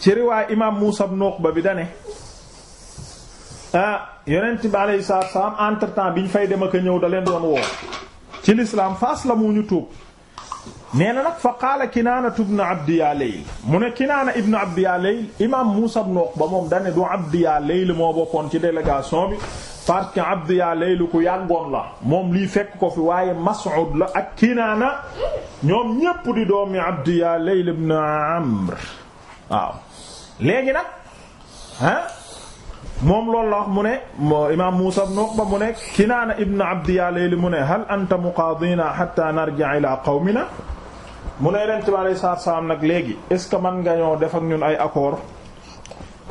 ci riwaay imaam Muusa ibn Uqba bi dane ah yonent bi alayhi biñ fay dem ak ñëw da leen doon woo ci lislaam faas mu ñu tuub nee na nag fa qaala Kinaana ibn Abdi yaa mu ne Kinaana ibn Abdi yaa Layl imaam Muusa ibn Uqba moom dane du Abdi yaa Layl moo bokkoon ci délégation bi parce que Abdi yaa ku yàggoon la moom lii fekk ko fi waaye Mas'ud la ak Kinaana ñoom ñépp di doomi Abdi yaa Layl ibn Amr waaw léegi nag ah moom loolu la mu ne moo imaam Muusa ibn Uqba mu ne Kinaana ibn Abdi yaa Layli mu ne hal anta muqaadina hatta narji'a ila qawmina mu ne Yonent bi alayhi salaatu salaam nag léegi est ce que mën nga ñoo def ak ñun ay accord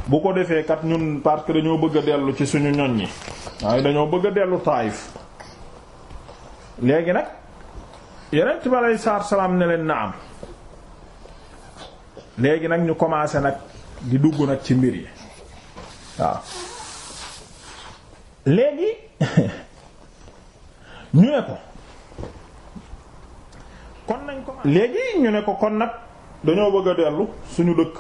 bu ko defee kat ñun parce dañoo bëgg a dellu ci suñu ñoñ ñi waaye dañoo bëgg a dellu Taayif léegi nag Yonent bi alayhi salaatu salaam ne leen na am léegi nag ñu commencé nag di dugg nag ci mbir yi waaw léegi ñu ne ko kon nañ ko léegi ne ko kon nag dañoo bëgg a dellu suñu dëkk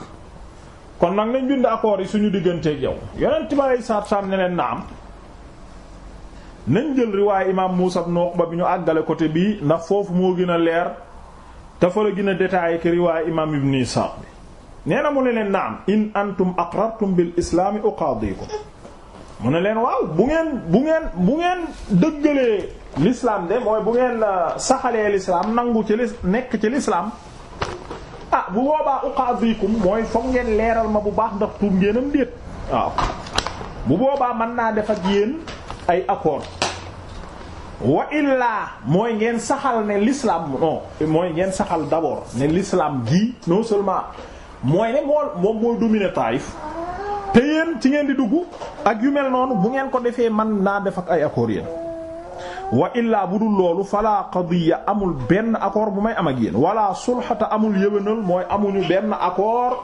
kon nag nañ bind accords yi suñu digganteeg yow yonent bi aleyhi salaatu salaam ne na am nañ jël riwaay imaam Muusa ibn Uqba bi ñu àggale côté bii ndax foofu moo gën a leer te fa la gën a détaillé ki riwaay imaam ibn Isaaq bi nee mu ne leen naam in antum aqrartum bil islaami uqaadikum mu ne leen waaw bu ngeen bu ngeen bu ngeen dëggalee lislaam de mooy bu ngeen euh, saxalee l'islam nangu ci nekk ci lislaam a ah, bu boobaa uqaadikum mooy foog ngeen leeral ma bu baax ndax tuub ngeenam déet waaw bu boobaa mën naa def ak yéen ay accord wa illaa mooy ngeen saxal ne lislaam non mooy ngeen saxal d'abord ne l'islam gii non seulement mooy ne mool moom mooy dominer Taïf te yéen ci ngeen di dugg ak yu mel noonu bu ngeen ko defee man naa def ak ay accords yéen wa illaa bu dul loolu fala qadiya amul benn accord bu may am ak yéen wala sulxata amul yëwénal mooy amuñu benn accord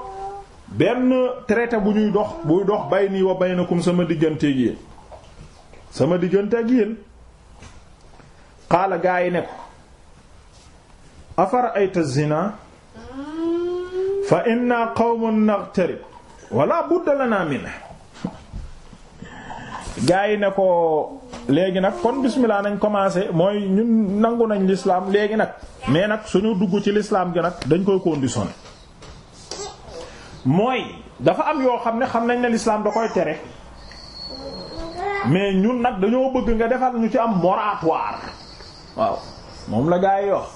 benn traité bu ñuy dox buy dox bay nii wa baynakum sama digganteeg yéen sama digganteeg yéen xaala gaa yi ne ko afara ayta zina fa inna qawmun naqtarib wala budda mi min gaa yi ne ko léegi nag kon bismillah nañ commencé mooy ñun nangu nañ lislaam léegi nag mais nag suñu dugg ci lislaam gi nag dañ koy conditionné mooy dafa am yoo xam ne xam nañ ne l'islam da koy tere mais ñun nag dañoo bëgg nga defal ñu ci am moratoire waaw moom la gaa yi wax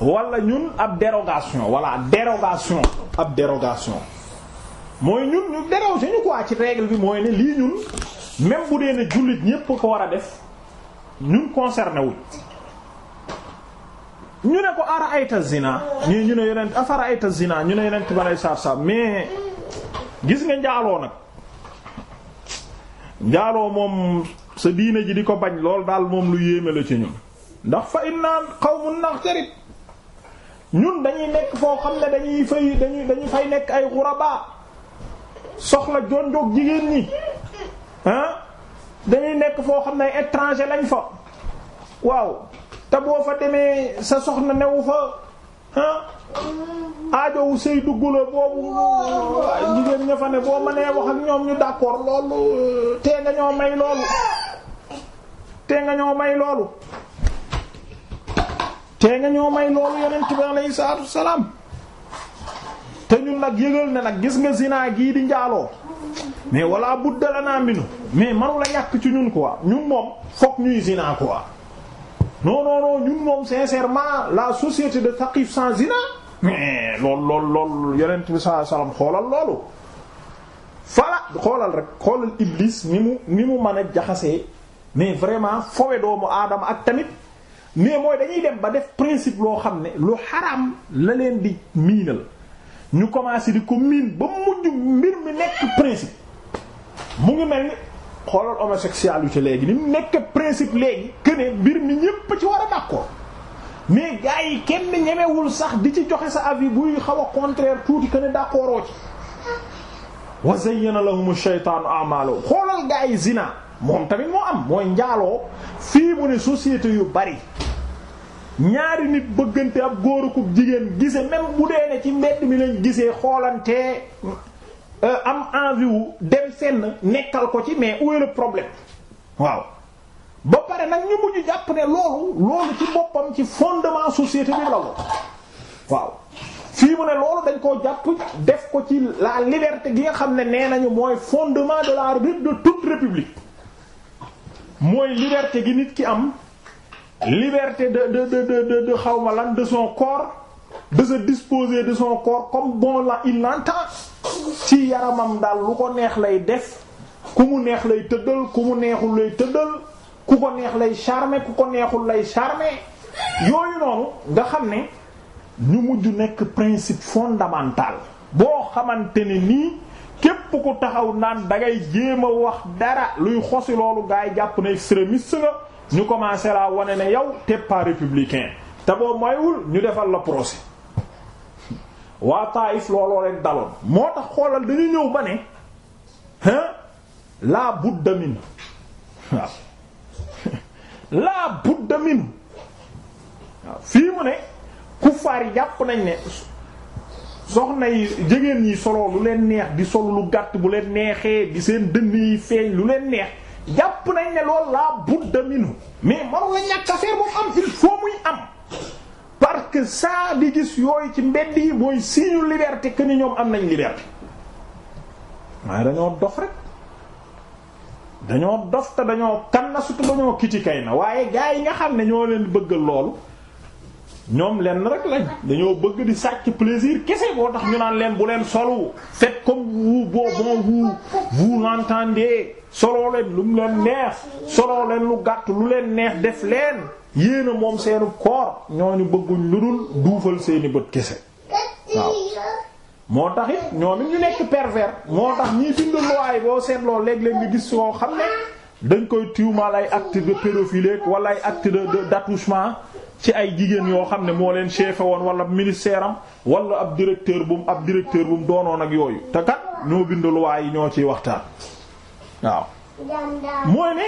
wala ñun ab dérogation wala dérogation ab dérogation mooy ñun ñu déroger ñu quoi ci règle bi mooy ne lii ñun même bu dee ne jullit ñépp ko war a def ñun concerné wuñ ñu ne ko ara ayta zina ñu ne yeneen afara ayta zina ñu ne yeneen balay saab-saab mais gis nga njaaloo nag njaaloo moom sa diine ji di ko bañ lool daal moom lu yéeme la ci ñun ndax fa innaa qawmun naghtarib ñun dañuy nekk foo xam ne dañuy fay dañuy dañu fay nekk ay xuraba soxla jonjoog jigéen ñi ah dañuy nekk foo xam ne ay étranger lañ fa waaw te boo fa demee sa soxna newu fa ah aajowu sëy duggula boobu jigéen ña fa ne boo mënee wax ak ñoom ñu d'accord loolu tee nga ñoo may loolu tee nga ñoo may loolu tee nga ñoo may loolu yonent bi alayhi salaatu salaam te ñun nag yëgal na nag gis nga zinaa gii di njaaloo mais walla budda la naa mbinu mais manu la ñàkk ci ñun quoi ñun moom fokk ñuy zinaa quoi non non non ñun moom sincèrement la société de Thaqif sans zina mais lool lool lool yonent bi sallallahu xoolal loolu fala xoolal rek xoolal iblis ni mu ni mu mën a jaxasee mais vraiment fowe doomu aadama ak tamit mais mooy dañuy dem ba def principe loo xam ne lu xaraam la leen di miinal ñu commencé di ko miin ba mujj mbir mi nekk principe mu ngi mel ni xoolal ci léegi ni mu nekk principe léegi que mbir mi ñépp ci war a d'accord mais gars yi kenn ñemewul sax di ci joxe sa avis buy xaw a contraire tuuti que ne d'accordoo ci wa zayyana lahum ash-shaytaanu a'maalahum xoolal gars yi zina moom tamit moo am mooy njaaloo fii mu ne société yu bari ñaari nit bëggante ab góor akub jigéen gise même bu dee ne ci mbedd mi lañ gisee xoolante euh, am envie wu dem seen nekkal ko ci mais où le problème waaw ba pare nag ñu mujj jàpp ne loolu loolu ci boppam ci fondement société bi la waaw fii mu ne loolu dañ koo jàpp def ko ci la liberté gi nga xam ne nee nañu mooy fondement de la de toute république mooy liberté gi nit ki am liberté de de de de de xawma lan de son corps de se disposer de son corps comme bon la il l'entend ci yaramam daal lu ko neex lay def ku mu neex lay tëddal ku mu neexul lay tëddal ku ko neex lay charmer ku ko neexul lay charmer yooyu noonu nga xam ne ñu mujj nekk principe fondamental boo xamante ne nii képp ku taxaw naan da ngay jéem a wax dara luy xosi loolu gaay jàpp na extrémiste nga ñu commencé laa wane ne yow t'es pas républicain te boo mayul ñu defal la procès waa Taïf looloo leen daloon moo tax xoolal dañu ñëw ba ne hein laa budda min waaw laa fii mu ne kuffaar yi jàpp nañ ne soxna yi jigéen yi solo lu leen neex di sol lu gàtt bu leen neexee di seen dënn yi feeñ lu leen neex jàpp nañ ne loolu laa budda minu mais manu la ñàkk affaire moom am il faut muy am parce que saa di gis yooyu ci mbedd yi mooy signe liberté que ñoom am nañ liberté waaye dañoo dof rek dañoo dof te dañoo kan na surtout dañoo kiti kay na waaye gaa yi nga xam ne ñoo leen bëgg lool ñoom lenn rek lañ dañoo bëgg di sàcc plaisir kese boo tax ñu naan leen bu leen solu faites comme vous bon vous vous l'entendez soloo leen lu mu leen neex soloo leen lu gàtt lu leen neex def leen yéen a moom seenu koor ñooñu bëgguñ lu dul duufal seeni bët kese waaw moo tax it ñoom it ñu nekk perver moo tax ñiy bind waaye boo seetloo léeg-léeg nga gis soo xam ne dañ koy tuumaal ay acte de pédophilie wala ay acte de d'attouchement ci ay jigéen yoo xam ne moo leen chef woon wala ministère am wala ab directeur bu ab directeur bum mu doonoon ak yooyu te kat ñoo bind luwaa yi ñoo ciy waxtaan waaw. mooy ne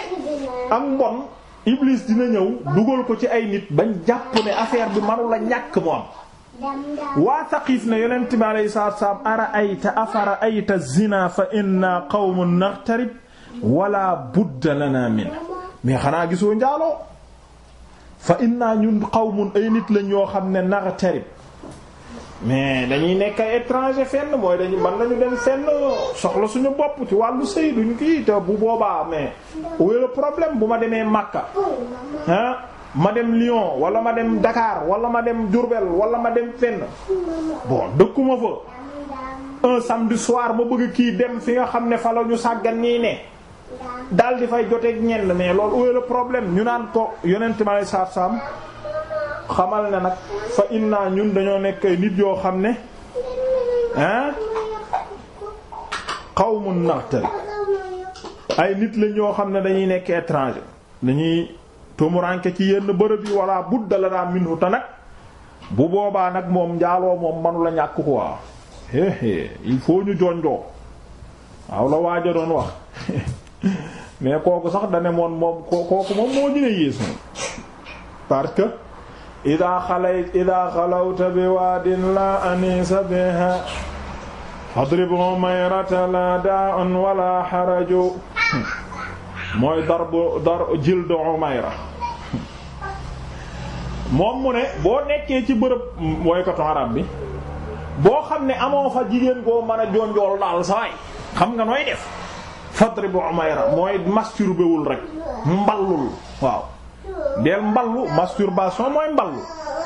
am mbon Iblis dina ñëw dugal ko ci ay nit bañ jàpp ne affaire bi manu la ñàkk mu am. waa Saqiif ne yonent bi alayhi salaatu wa salaam ara ayta afara ayta zina fa inna qawmun naqtarib wala budda lana min xanaa gisoo njaaloo fa inna xaw qawmun ay nit lañ yoo xam ne naqtarib mais dañuy nekk ay étranger fenn mooy dañu mën nañu dem fenn soxla suñu bopp ci wàllu sëy duñ kii te bu boobaa mais où est le problème bu ma demee Makka ah ma dem Lyon wala ma dem dakaar wala ma dem Diourbel wala ma dem fenn bon dëkkuma fa un samedi soir ma bëgg kii dem fi nga xam ne fa la ñu sàggan nii ne daal di fay joteeg ñenn mais loolu où est le problème ñu naan ko yonent ma lay saam xamal ne nag fa inna ñun dañoo nekk nit yoo xam ne ah qawmun naqtal ay nit lañ ñoo xam ne dañuy nekk étranger dañuy tumuranke ci yenn bërëb yi walla budda la daa minhu ta nag bu boobaa nag moom njaaloo moom manu la ñàkk il faut ñu jonjoo waaw la waaja doon wax mais kooku sax dane moon moom kooku moom moo gën a yées parce que ida xalayt ida xalawta bi waadin la anisa biha fadrib mayrata la da'un wala xaraju mooy dar bu dar jildu umayra moom mu ne boo nekkee ci bërëb woykatu arab bi boo xam ne amoo fa jigéen koo mën jonjool daal sawaay xam nga nooy def fadribu umayra mooy masturbewul rek mballul waaw del mballu masturbation mooy mballu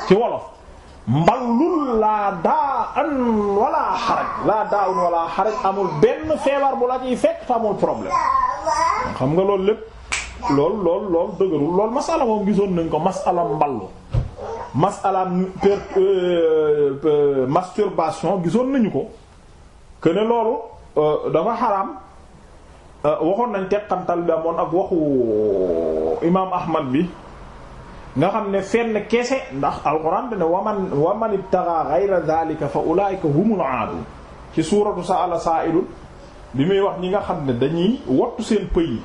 ci wolof mballul laa daa an wala xaraj laa daa un wala xaraj amul benn feebar bu la ciy fekk problème xam nga loolu lépp lool lool lool dëgërul lool masala moom gisoon nañ ko masala mballu masala euh, euh, masturbation gisoon nañu ko que loolu euh, dafa xaraam Euh, waxoon nañ teqantal bi amoon ak waxu imaam Ahmad bi nga xam ne fenn kese ndax alxuraan dane waman waman ibtagaa ghayra dhalika fa ulaa'ika humul aadun ci suuratu sa'ala saa'ilun bi muy wax ñi nga xam ne dañuy wattu seen pëy yi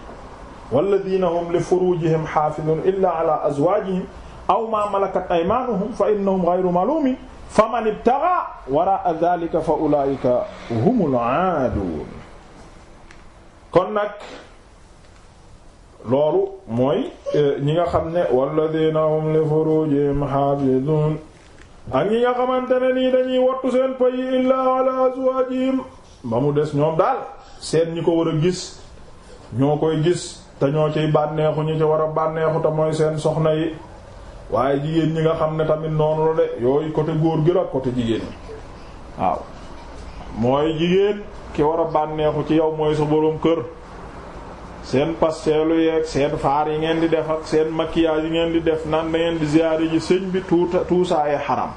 walladina hum li furujihim xaafidun illa ala azwaajihim aw ma malakat aymaanuhum fa innahum ghayru malumin faman ibtagaa waraa dhalika fa ulaa'ika humul aadun kon nag loolu mooy eh, ñi nga xam ne walladina hum li furujihim hafizun ak ñi nga xamante ne nii dañuy wattu seen payi illaa ala azwajihim ba mu des ñoom daal seen ñi ko war a gis ñoo koy gis te ñoo ciy bànneexu ñi ci war a bànneexu te mooy seen soxna yi waaye jigéen ñi nga xam ne tamit noonu la de yooyu côté góor gi ak côté jigéen ñi waaw mooy jigéen ki war a bànneexu ci yow mooy sa boroom kër seen pasteelu yeeg seen faar yi ngeen di def ak seen maquillage yi ngeen di def nan da ngeen di ziyaare ji sëñ bi tout tout xaram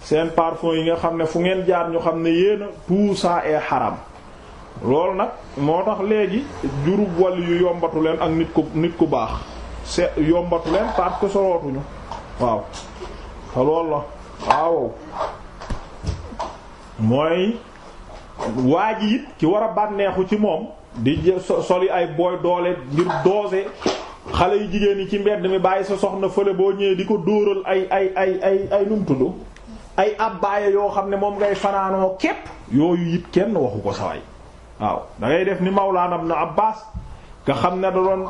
seen parfum yi nga xam ne fu ngeen jaar ñu xam ne yéena tout ça est haram loolu nag moo tax léegi jurub wàll yu yombatu leen ak nit ku nit ku baax se yombatu leen parce que waaw te loolu la waaw mooy waa ji it ki war a bànneexu ci moom di soli ay booy doole ngir doose xale yu jigéen yi ci mbedd mi bàyyi sa soxna fële boo ñëwee di ko dóoral ay ay ay ay ay num ay abbaaya yoo xam ne moom ngay fanaanoo képp yooyu it kenn waxu ko saway waaw da ngay def ni Mawlaana Ibn Abbaas nga xam ne da doon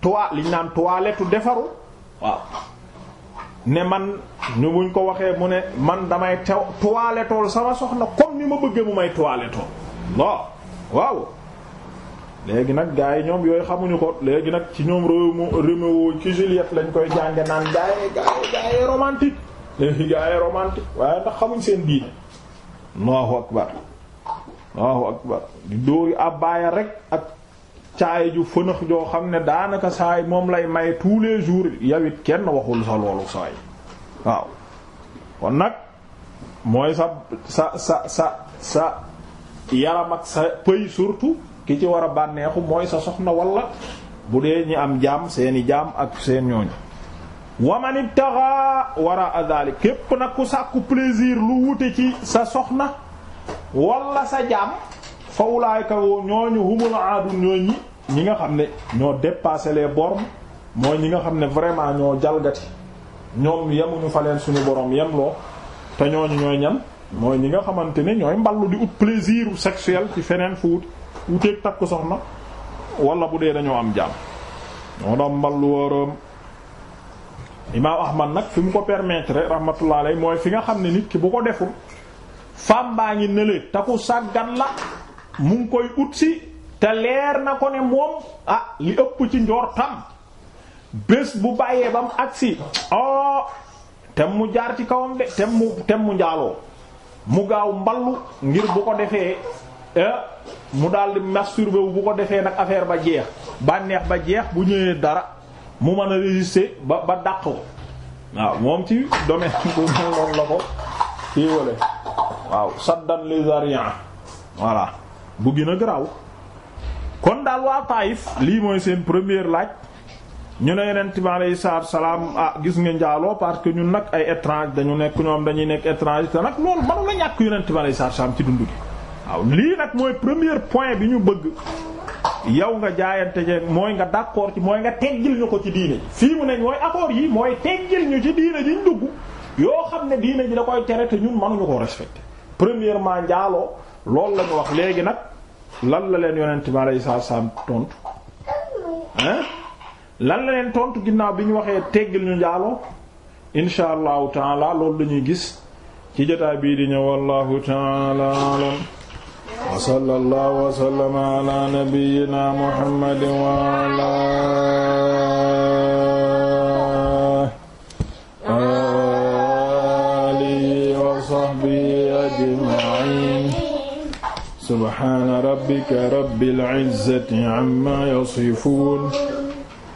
toi liñ naan toilette defaru waaw ne man ñu buñ ko waxee mu ne man damay tew toiletool sama soxna comme ni ma bëggee mu may toiletool waaw waaw léegi nag gars yi ñoom yooyu xamuñu ko léegi nag ci ñoom Roméo ci Juliette lañ koy jànge naan gars yi gars yi léegi gars yi waaye ndax xamuñ seen diine Allahu akbar Allahu akbar di dóori abbaaya rek ak caay ju fënax joo xam ne daanaka saay moom lay may tous les jours yawit kenn waxul sa loolu saay waaw kon nag mooy sa sa sa sa sa yaram ak sa pëy surtu ki ci war a bànneexu mooy sa soxna wala bu dee ñi am jaam seeni jaam ak seen ñooñu waman ibtaxa a adali képp nag ku sàkku plaisir lu wute ci sa soxna wala sa jaam fa wulaayka ñooñu humul aadun ñooñu ñi nga xam ne ñoo dépassé les bornes mooy ñi nga xam ne vraiment ñoo jalgati ñoom yemuñu fa leen suñu borom yemloo te ñooñu ñooy ñan mooy ñi nga xamante ne ñooy mballu di ut plaisir sexuel ci feneen fu wut wuteeg takk soxna wala bu dee dañoo am jaam ñoo doon mballu wóoram imaam ahmad nag fi mu ko permettre rahmatullah mooy fi nga xam ne nit ki bu ko deful femme baa ngi nële taku sàggan la mu ngi koy ut si te leer na ko ne moom ah li ëpp ci njortam bés bu bàyyee bam mu agsi oh tem mu jaar ci kawam de tem mu tem mu njaaloo mu gaaw mballu ngir bu ko defee eh, mu daal di bu ko defee nag affaire ba jeex bànneex ba jeex bu ñëwee dara mu mën a résister ba ba dàq ko waaw moom ci domaine bu loolu la ko fii wale waaw saddan les ariens voilà bu gën a garaaw kon daal waa Taïf lii mooy seen première laaj ñu ne yonent bi aleyhi salaam ah gis nga njaaloo parce que ñun nag ay étrange dañu nekk ñoom dañuy nekk étrange te nag loolu manu la ñàkk yonent bi aleyhi salaatu salaam ci dund gi waaw lii nag mooy premier point bi ñu bëgg yow nga jaayante jeeg mooy nga d'accord ci mooy nga teggil ñu ko ci diine ji fii mu ne mooy accord yi mooy teggil ñu ci diine ji ñu dugg yoo xam ne diine ji da koy tere te ñun mënuñu koo respecté premièrement njaaloo loolu la ñu wax léegi nag lan la leen yonent bi aleyhi salaatu salaam tontu lan la leen tontu ginnaaw bi ñu waxee teggil ñu njaaloo insha allahu taala loolu la ñuy gis ci jotaay bii di ñëw wallahu taala alam wa sallallahu wa sallama ala nabiyyina muhammadin wa ala alihi wa sahbihi ajma'in subhana rabbika rabbil izzati amma yasifun